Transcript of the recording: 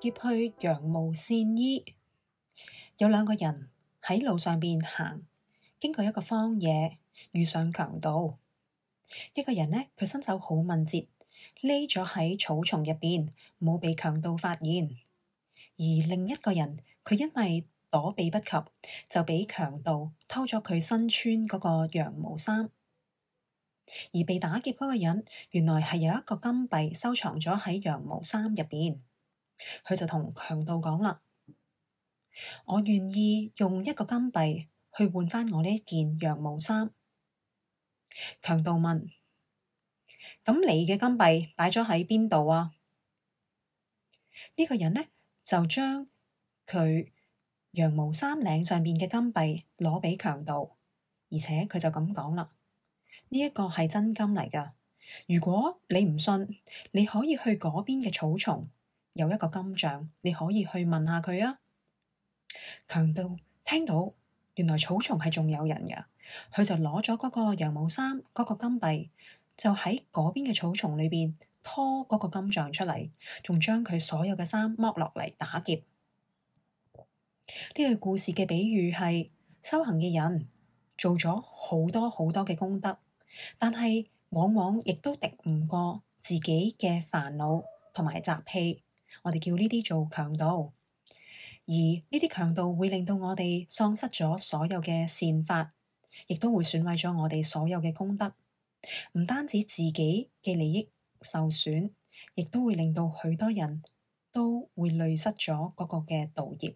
劫去羊毛線衣，有兩個人喺路上邊行，經過一個荒野，遇上強盜。一個人呢，佢身手好敏捷，匿咗喺草叢入邊，冇被強盜發現；而另一個人，佢因為躲避不及，就俾強盜偷咗佢身穿嗰個羊毛衫。而被打劫嗰個人，原來係有一個金幣收藏咗喺羊毛衫入邊。佢就同強盜講啦：我願意用一個金幣去換返我呢一件羊毛衫。強盜問：咁你嘅金幣擺咗喺邊度啊？呢個人呢，就將佢羊毛衫領上面嘅金幣攞俾強盜，而且佢就咁講啦：呢一個係真金嚟噶。如果你唔信，你可以去嗰邊嘅草叢。有一個金像，你可以去問下佢啊。強盜聽到，原來草叢係仲有人噶，佢就攞咗嗰個羊毛衫、嗰個金幣，就喺嗰邊嘅草叢裏邊拖嗰個金像出嚟，仲將佢所有嘅衫剝落嚟打劫。呢個故事嘅比喻係修行嘅人做咗好多好多嘅功德，但係往往亦都敵唔過自己嘅煩惱同埋習氣。我哋叫呢啲做強盜，而呢啲強盜會令到我哋喪失咗所有嘅善法，亦都會損壞咗我哋所有嘅功德。唔單止自己嘅利益受損，亦都會令到許多人都會累失咗各個嘅道業。